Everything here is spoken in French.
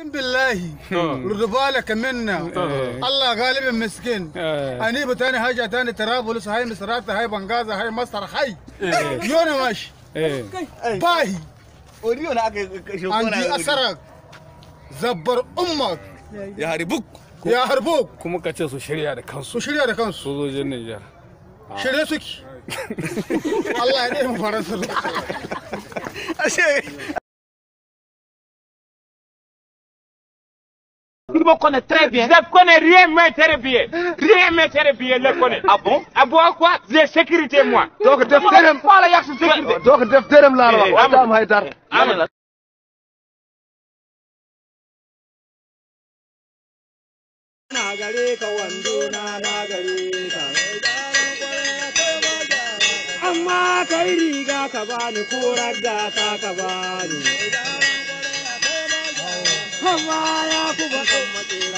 اقسم بالله رد نعم. بالك منا نعم. نعم. الله غالب مسكين آه. اني بتاني حاجه تاني طرابلس هاي مسرات هاي بنغازا هاي مصر حي إيه. يونا ماشي إيه. باهي وريونا عندي اسرك زبر امك يا هربوك يا هربوك كما كاتشي شريعه ده كانسو شريعه ده كانسو سو جنن جار شريعه سكي الله يديم فرنسا ashe Il me connaît très bien. Je ne connais rien, mais très bien. Rien, mais très bien, je le connais. Ah bon Ah bon, quoi Les sécurité, moi. Donc, def derem. Pas la sécurité. Donc, def derem, là, là. Adam Haïdar. ka wando na nagare amma kai riga ka bani ko ragga ta ka bani Papo, papo.